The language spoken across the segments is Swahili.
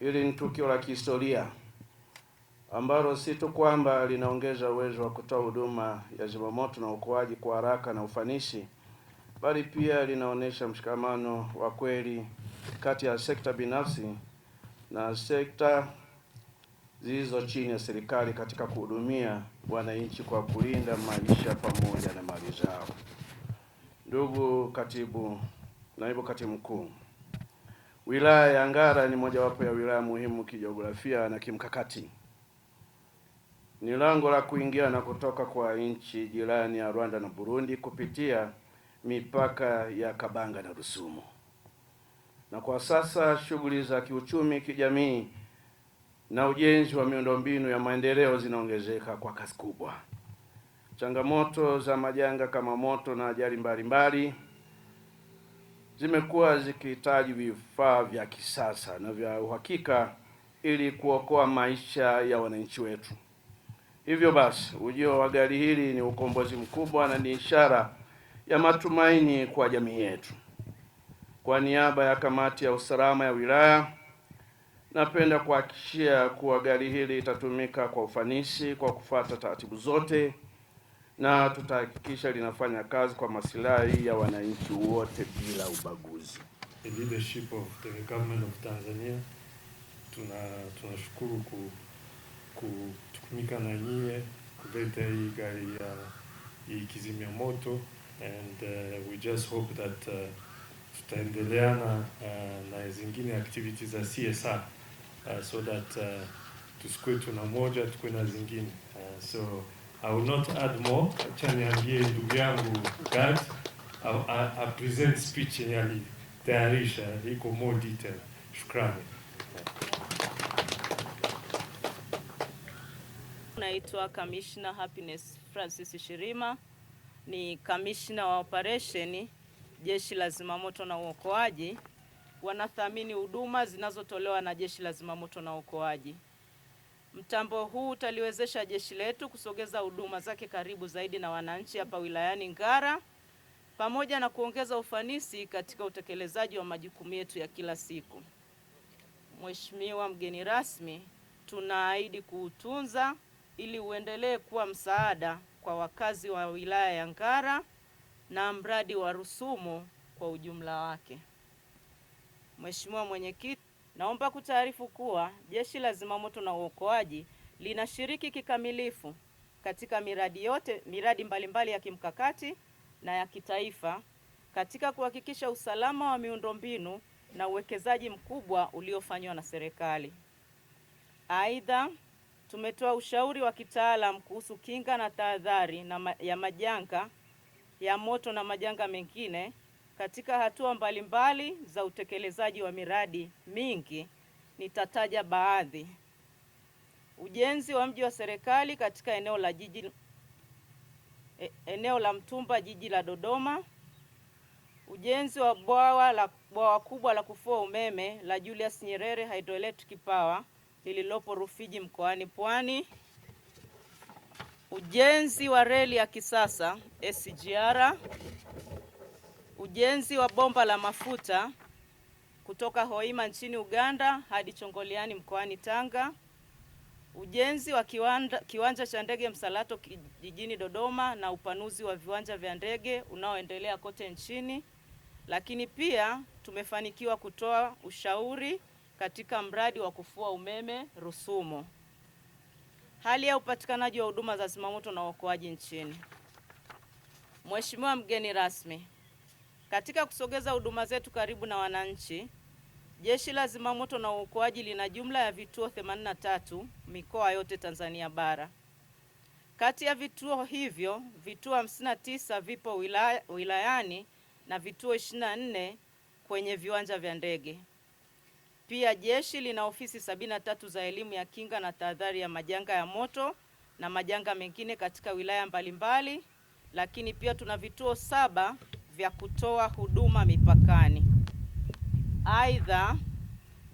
Hili ni tukio la kihistoria ambalo si tu kwamba linaongeza uwezo wa kutoa huduma ya zimamoto na uokoaji kwa haraka na ufanisi, bali pia linaonyesha mshikamano wa kweli kati ya sekta binafsi na sekta zilizo chini ya serikali katika kuhudumia wananchi kwa kulinda maisha pamoja na mali zao. Ndugu katibu, naibu katibu mkuu Wilaya ya Ngara ni mojawapo ya wilaya muhimu kijiografia na kimkakati. Ni lango la kuingia na kutoka kwa nchi jirani ya Rwanda na Burundi kupitia mipaka ya Kabanga na Rusumo. Na kwa sasa shughuli za kiuchumi, kijamii na ujenzi wa miundombinu ya maendeleo zinaongezeka kwa kasi kubwa. Changamoto za majanga kama moto na ajali mbalimbali zimekuwa zikihitaji vifaa vya kisasa na vya uhakika ili kuokoa maisha ya wananchi wetu. Hivyo basi, ujio wa gari hili ni ukombozi mkubwa na ni ishara ya matumaini kwa jamii yetu. Kwa niaba ya kamati ya usalama ya wilaya, napenda kuhakikishia kuwa gari hili litatumika kwa ufanisi kwa kufuata taratibu zote na tutahakikisha linafanya kazi kwa masilahi ya wananchi wote bila ubaguzi. The leadership of the government of Tanzania, tunashukuru ku kutumika na nyie kuleta hii gari ya hii kizimia moto and uh, we just hope that uh, tutaendelea na uh, na zingine activities za CSR uh, so that uh, tusikue tuna moja tukuwe na zingine uh, so I will not add more. Acha niambie ndugu yangu Gad a, present speech yenye alitayarisha iko more detail. Shukrani. Naitwa Kamishna Happiness Francis Shirima, ni kamishna wa operation Jeshi la Zimamoto na Uokoaji. Wanathamini huduma zinazotolewa na Jeshi la Zimamoto na Uokoaji. Mtambo huu utaliwezesha jeshi letu kusogeza huduma zake karibu zaidi na wananchi hapa wilayani Ngara pamoja na kuongeza ufanisi katika utekelezaji wa majukumu yetu ya kila siku. Mheshimiwa mgeni rasmi, tunaahidi kuutunza ili uendelee kuwa msaada kwa wakazi wa wilaya ya Ngara na mradi wa Rusumo kwa ujumla wake. Mheshimiwa mwenyekiti Naomba kutaarifu kuwa Jeshi la Zimamoto na Uokoaji linashiriki kikamilifu katika miradi yote, miradi mbalimbali ya kimkakati na ya kitaifa katika kuhakikisha usalama wa miundombinu na uwekezaji mkubwa uliofanywa na serikali. Aidha, tumetoa ushauri wa kitaalamu kuhusu kinga na tahadhari na ma ya majanga ya moto na majanga mengine katika hatua mbalimbali mbali za utekelezaji wa miradi mingi. Nitataja baadhi: ujenzi wa mji wa serikali katika eneo la jiji, e, eneo la Mtumba jiji la Dodoma, ujenzi wa bwawa la bwawa kubwa la kufua umeme la Julius Nyerere Hydroelectric Power lililopo Rufiji mkoani Pwani, ujenzi wa reli ya kisasa SGR ujenzi wa bomba la mafuta kutoka Hoima nchini Uganda hadi Chongoliani mkoani Tanga, ujenzi wa kiwanda, kiwanja cha ndege Msalato jijini Dodoma na upanuzi wa viwanja vya ndege unaoendelea kote nchini. Lakini pia tumefanikiwa kutoa ushauri katika mradi wa kufua umeme Rusumo. Hali ya upatikanaji wa huduma za zimamoto na uokoaji nchini. Mheshimiwa mgeni rasmi, katika kusogeza huduma zetu karibu na wananchi, Jeshi la Zimamoto na Uokoaji lina jumla ya vituo 83 mikoa yote Tanzania bara. Kati ya vituo hivyo, vituo 59 vipo wilaya, wilayani na vituo 24 kwenye viwanja vya ndege. Pia jeshi lina ofisi 73 za elimu ya kinga na tahadhari ya majanga ya moto na majanga mengine katika wilaya mbalimbali, lakini pia tuna vituo saba vya kutoa huduma mipakani. Aidha,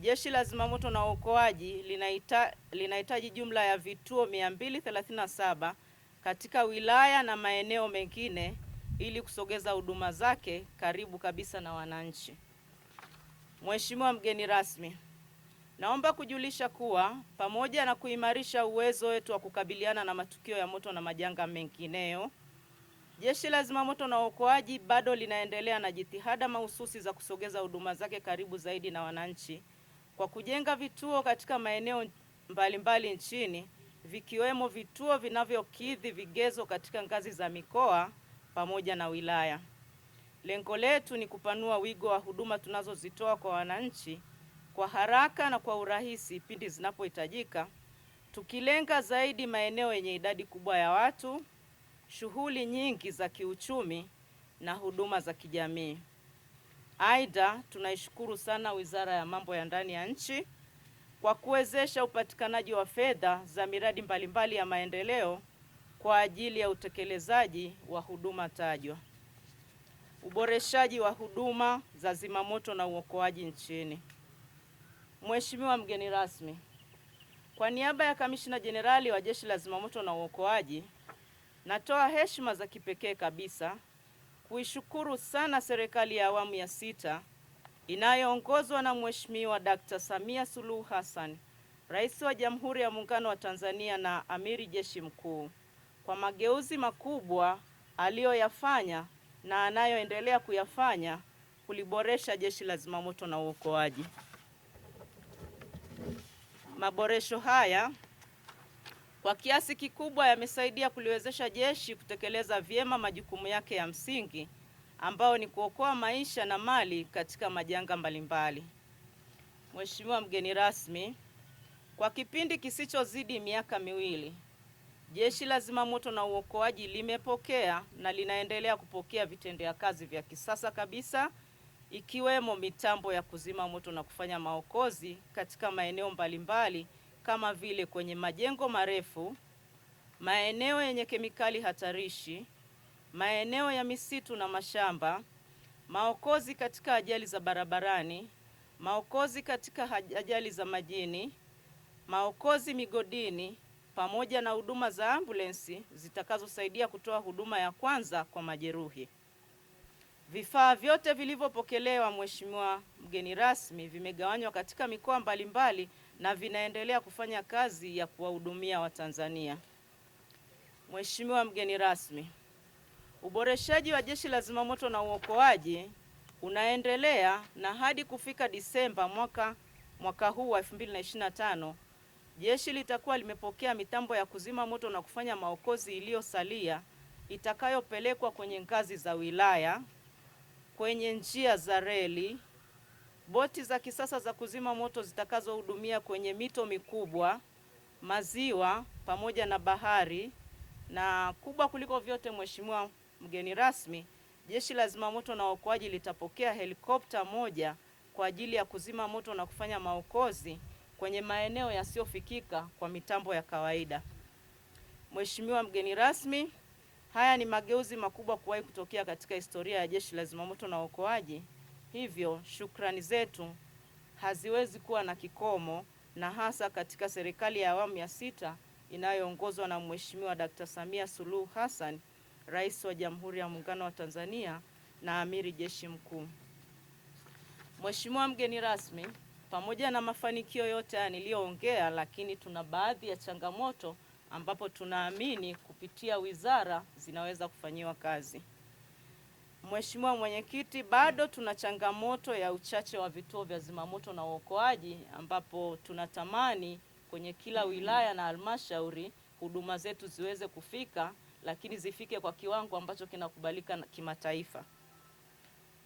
Jeshi la Zimamoto na Uokoaji linaita, linahitaji jumla ya vituo 237 katika wilaya na maeneo mengine ili kusogeza huduma zake karibu kabisa na wananchi. Mheshimiwa mgeni rasmi, naomba kujulisha kuwa pamoja na kuimarisha uwezo wetu wa kukabiliana na matukio ya moto na majanga mengineyo Jeshi la Zimamoto na Uokoaji bado linaendelea na jitihada mahususi za kusogeza huduma zake karibu zaidi na wananchi kwa kujenga vituo katika maeneo mbalimbali mbali nchini vikiwemo vituo vinavyokidhi vigezo katika ngazi za mikoa pamoja na wilaya. Lengo letu ni kupanua wigo wa huduma tunazozitoa kwa wananchi kwa haraka na kwa urahisi pindi zinapohitajika, tukilenga zaidi maeneo yenye idadi kubwa ya watu shughuli nyingi za kiuchumi na huduma za kijamii. Aidha, tunaishukuru sana Wizara ya Mambo ya Ndani ya Nchi kwa kuwezesha upatikanaji wa fedha za miradi mbalimbali ya maendeleo kwa ajili ya utekelezaji wa huduma tajwa, uboreshaji wa huduma za zimamoto na uokoaji nchini. Mheshimiwa mgeni rasmi, kwa niaba ya kamishina Jenerali wa Jeshi la Zimamoto na Uokoaji Natoa heshima za kipekee kabisa kuishukuru sana serikali ya awamu ya sita inayoongozwa na Mheshimiwa Dkt. Samia Suluhu Hassan, Rais wa Jamhuri ya Muungano wa Tanzania na Amiri Jeshi Mkuu kwa mageuzi makubwa aliyoyafanya na anayoendelea kuyafanya kuliboresha Jeshi la Zimamoto na Uokoaji. Maboresho haya kwa kiasi kikubwa yamesaidia kuliwezesha jeshi kutekeleza vyema majukumu yake ya msingi ambao ni kuokoa maisha na mali katika majanga mbalimbali. Mheshimiwa mgeni rasmi, kwa kipindi kisichozidi miaka miwili, Jeshi la Zimamoto na Uokoaji limepokea na linaendelea kupokea vitendea kazi vya kisasa kabisa ikiwemo mitambo ya kuzima moto na kufanya maokozi katika maeneo mbalimbali kama vile kwenye majengo marefu, maeneo yenye kemikali hatarishi, maeneo ya misitu na mashamba, maokozi katika ajali za barabarani, maokozi katika ajali za majini, maokozi migodini, pamoja na huduma za ambulensi zitakazosaidia kutoa huduma ya kwanza kwa majeruhi. Vifaa vyote vilivyopokelewa, Mheshimiwa mgeni rasmi, vimegawanywa katika mikoa mbalimbali na vinaendelea kufanya kazi ya kuwahudumia Watanzania. Mheshimiwa mgeni rasmi, uboreshaji wa Jeshi la Zimamoto na Uokoaji unaendelea na hadi kufika Disemba mwaka, mwaka huu wa 2025 jeshi litakuwa limepokea mitambo ya kuzima moto na kufanya maokozi iliyosalia itakayopelekwa kwenye ngazi za wilaya, kwenye njia za reli boti za kisasa za kuzima moto zitakazohudumia kwenye mito mikubwa, maziwa pamoja na bahari. Na kubwa kuliko vyote, Mheshimiwa mgeni rasmi, Jeshi la Zimamoto na Uokoaji litapokea helikopta moja kwa ajili ya kuzima moto na kufanya maokozi kwenye maeneo yasiyofikika kwa mitambo ya kawaida. Mheshimiwa mgeni rasmi, haya ni mageuzi makubwa kuwahi kutokea katika historia ya Jeshi la Zimamoto na Uokoaji Hivyo shukrani zetu haziwezi kuwa na kikomo, na hasa katika serikali ya awamu ya sita inayoongozwa na Mheshimiwa Dkt. Samia Suluhu Hassan, Rais wa Jamhuri ya Muungano wa Tanzania na Amiri Jeshi Mkuu. Mheshimiwa mgeni rasmi, pamoja na mafanikio yote haya niliyoongea, lakini tuna baadhi ya changamoto ambapo tunaamini kupitia wizara zinaweza kufanyiwa kazi. Mheshimiwa Mwenyekiti, bado tuna changamoto ya uchache wa vituo vya zimamoto na uokoaji ambapo tunatamani kwenye kila wilaya na halmashauri huduma zetu ziweze kufika, lakini zifike kwa kiwango ambacho kinakubalika kimataifa.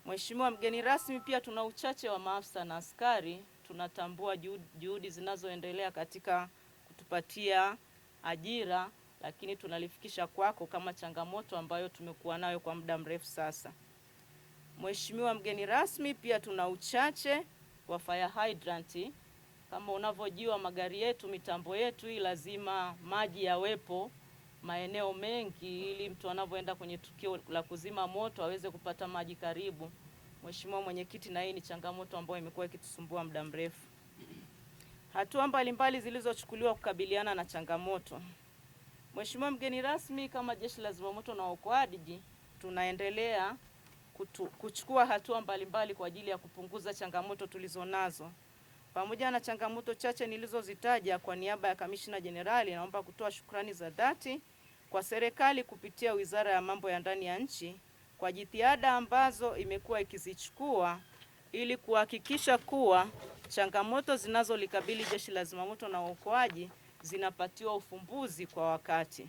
Mheshimiwa mgeni rasmi, pia tuna uchache wa maafisa na askari. Tunatambua juhudi, juhudi zinazoendelea katika kutupatia ajira lakini tunalifikisha kwako kama changamoto ambayo tumekuwa nayo kwa muda mrefu sasa. Mheshimiwa mgeni rasmi, pia tuna uchache wa fire hydrant. Kama unavyojua magari yetu, mitambo yetu hii, lazima maji yawepo maeneo mengi, ili mtu anavyoenda kwenye tukio la kuzima moto aweze kupata maji karibu. Mheshimiwa Mwenyekiti, na hii ni changamoto ambayo imekuwa ikitusumbua muda mrefu. Hatua mbalimbali zilizochukuliwa kukabiliana na changamoto Mheshimiwa mgeni rasmi, kama Jeshi la Zimamoto na Uokoaji tunaendelea kutu, kuchukua hatua mbalimbali mbali kwa ajili ya kupunguza changamoto tulizonazo. Pamoja na changamoto chache nilizozitaja, kwa niaba ya Kamishna Jenerali naomba kutoa shukrani za dhati kwa serikali kupitia Wizara ya Mambo ya Ndani ya Nchi kwa jitihada ambazo imekuwa ikizichukua ili kuhakikisha kuwa changamoto zinazolikabili Jeshi la Zimamoto na Uokoaji zinapatiwa ufumbuzi kwa wakati.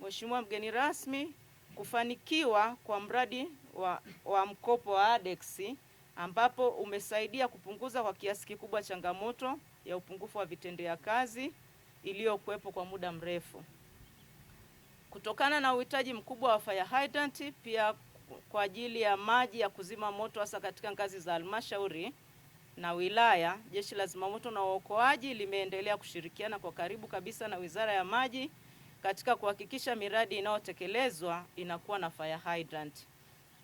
Mheshimiwa mgeni rasmi, kufanikiwa kwa mradi wa, wa mkopo wa ADEX ambapo umesaidia kupunguza kwa kiasi kikubwa changamoto ya upungufu wa vitendea kazi iliyokuwepo kwa muda mrefu kutokana na uhitaji mkubwa wa fire hydrant, pia kwa ajili ya maji ya kuzima moto hasa katika ngazi za halmashauri na wilaya, jeshi la zimamoto na uokoaji limeendelea kushirikiana kwa karibu kabisa na wizara ya maji katika kuhakikisha miradi inayotekelezwa inakuwa na fire hydrant.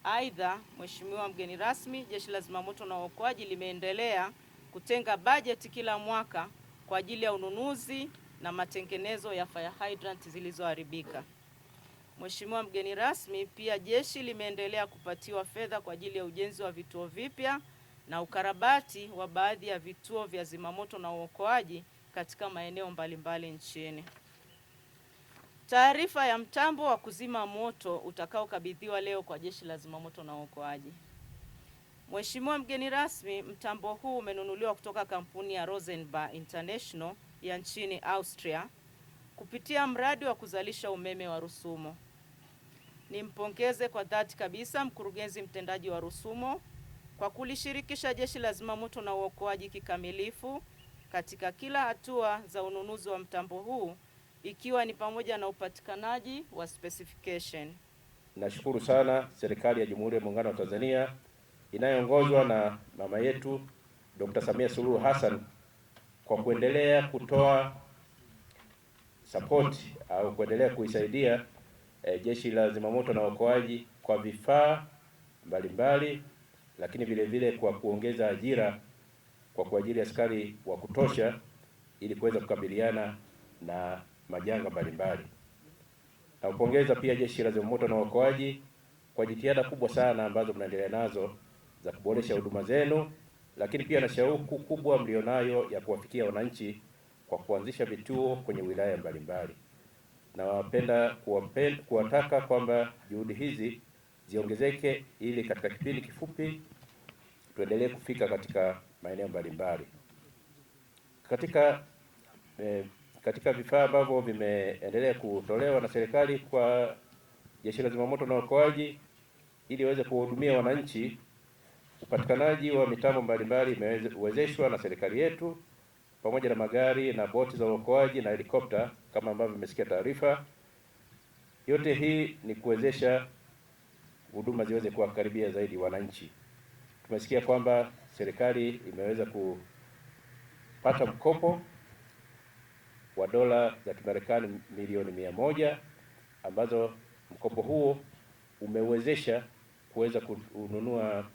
Aidha, Mheshimiwa mgeni rasmi, jeshi la zimamoto na uokoaji limeendelea kutenga bajeti kila mwaka kwa ajili ya ununuzi na matengenezo ya fire hydrant zilizoharibika. Mheshimiwa mgeni rasmi, pia jeshi limeendelea kupatiwa fedha kwa ajili ya ujenzi wa vituo vipya na ukarabati wa baadhi ya vituo vya zimamoto na uokoaji katika maeneo mbalimbali nchini. Taarifa ya mtambo wa kuzima moto utakaokabidhiwa leo kwa Jeshi la Zimamoto na Uokoaji. Mheshimiwa mgeni rasmi, mtambo huu umenunuliwa kutoka kampuni ya Rosenbauer International ya nchini Austria kupitia mradi wa kuzalisha umeme wa Rusumo. Nimpongeze kwa dhati kabisa mkurugenzi mtendaji wa Rusumo kwa kulishirikisha Jeshi la Zimamoto na Uokoaji kikamilifu katika kila hatua za ununuzi wa mtambo huu ikiwa ni pamoja na upatikanaji wa specification. Nashukuru sana serikali ya Jamhuri ya Muungano wa Tanzania inayoongozwa na mama yetu Dr. Samia Suluhu Hassan kwa kuendelea kutoa support au kuendelea kuisaidia e, Jeshi la Zimamoto na Uokoaji kwa vifaa mbalimbali lakini vile vile kwa kuongeza ajira kwa kuajiri askari wa kutosha ili kuweza kukabiliana na majanga mbalimbali. nawapongeza pia Jeshi la Zimamoto na Uokoaji kwa jitihada kubwa sana ambazo mnaendelea nazo za kuboresha huduma zenu, lakini pia na shauku kubwa mlionayo ya kuwafikia wananchi kwa kuanzisha vituo kwenye wilaya mbalimbali. Nawapenda kuwapenda kuwataka kwamba juhudi hizi ziongezeke ili katika kipindi kifupi tuendelee kufika katika maeneo mbalimbali. Katika eh, katika vifaa ambavyo vimeendelea kutolewa na serikali kwa jeshi la zimamoto na uokoaji ili waweze kuwahudumia wananchi, upatikanaji wa mitambo mbalimbali imewezeshwa na serikali yetu pamoja na magari na boti za uokoaji na helikopta kama ambavyo vimesikia taarifa. Yote hii ni kuwezesha huduma ziweze kuwakaribia zaidi wananchi. Tumesikia kwamba serikali imeweza kupata mkopo wa dola za Kimarekani milioni mia moja ambazo mkopo huo umewezesha kuweza kununua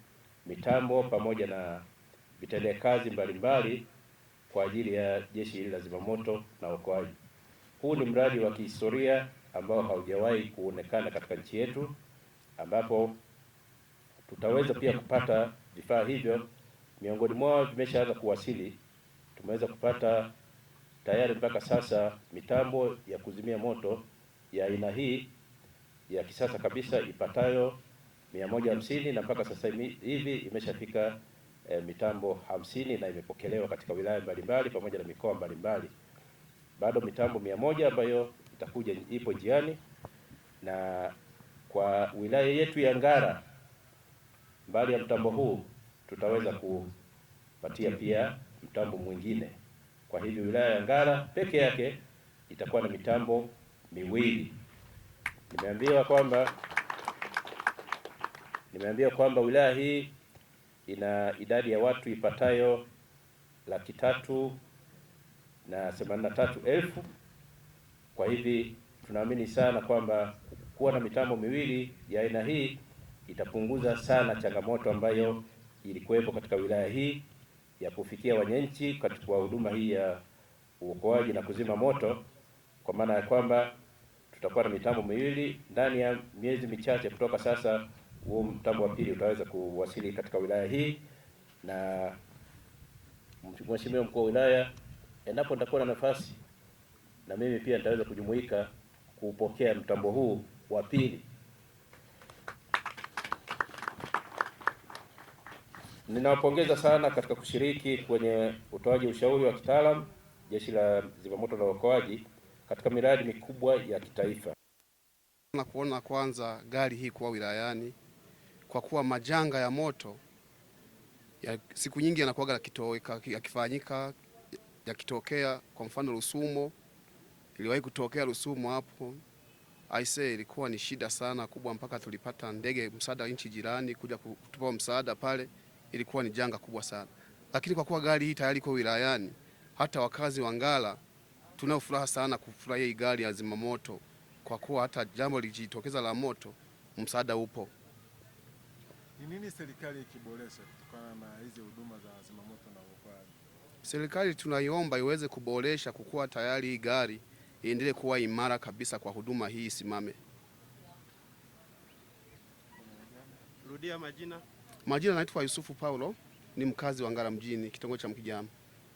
mitambo pamoja na vitendea kazi mbalimbali kwa ajili ya jeshi hili la zimamoto na uokoaji. Huu ni mradi wa kihistoria ambao haujawahi kuonekana katika nchi yetu ambapo tutaweza pia kupata vifaa hivyo. Miongoni mwao vimeshaanza kuwasili. Tumeweza kupata tayari mpaka sasa mitambo ya kuzimia moto ya aina hii ya kisasa kabisa ipatayo 150 na mpaka sasa hivi imeshafika e, mitambo hamsini na imepokelewa katika wilaya mbalimbali pamoja na mikoa mbalimbali. Bado mitambo mia moja ambayo itakuja ipo njiani na kwa wilaya yetu ya Ngara, mbali ya mtambo huu tutaweza kupatia pia mtambo mwingine. Kwa hivyo wilaya ya Ngara peke yake itakuwa na mitambo miwili. Nimeambiwa kwamba nimeambiwa kwamba wilaya hii ina idadi ya watu ipatayo laki tatu na themanini na tatu elfu. Kwa hivi tunaamini sana kwamba kuwa na mitambo miwili ya aina hii itapunguza sana changamoto ambayo ilikuwepo katika wilaya hii ya kufikia wananchi katika huduma hii ya uokoaji na kuzima moto, kwa maana ya kwamba tutakuwa na mitambo miwili. Ndani ya miezi michache kutoka sasa, huo mtambo wa pili utaweza kuwasili katika wilaya hii, na Mheshimiwa mkuu wa wilaya, endapo nitakuwa na nafasi na mimi pia nitaweza kujumuika kupokea mtambo huu wa pili. Ninawapongeza sana katika kushiriki kwenye utoaji ushauri wa kitaalamu Jeshi la Zimamoto na Uokoaji katika miradi mikubwa ya kitaifa. Na kuona kwanza gari hii kuwa wilayani, kwa kuwa majanga ya moto ya siku nyingi yanakuwaga yakifanyika yakitokea, kwa mfano Rusumo, iliwahi kutokea Rusumo hapo aise, ilikuwa ni shida sana kubwa, mpaka tulipata ndege msaada nchi jirani kuja kutupa msaada pale, ilikuwa ni janga kubwa sana. Lakini kwa kuwa gari hii tayari iko wilayani, hata wakazi wa Ngara tunao furaha sana kufurahia hii gari ya zimamoto, kwa kuwa hata jambo lijitokeza la moto, msaada upo. Ni nini serikali ikiboresha kutokana na hizi huduma za zimamoto na uokoaji? Serikali tunaiomba iweze kuboresha, kukuwa tayari hii gari iendelee kuwa imara kabisa kwa huduma hii isimame. Rudia majina. Majina naitwa Yusufu Paulo, ni mkazi wa Ngara mjini, kitongoji cha Mkijama.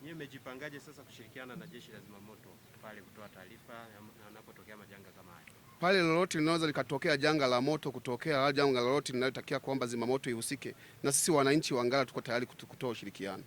Nyinyi mmejipangaje sasa kushirikiana na jeshi la zimamoto pale kutoa taarifa yanapotokea majanga kama haya? Pale lolote linaweza likatokea janga la moto kutokea, janga lolote linalotakia kwamba zimamoto ihusike, na sisi wananchi wa Ngara tuko tayari kutoa ushirikiano.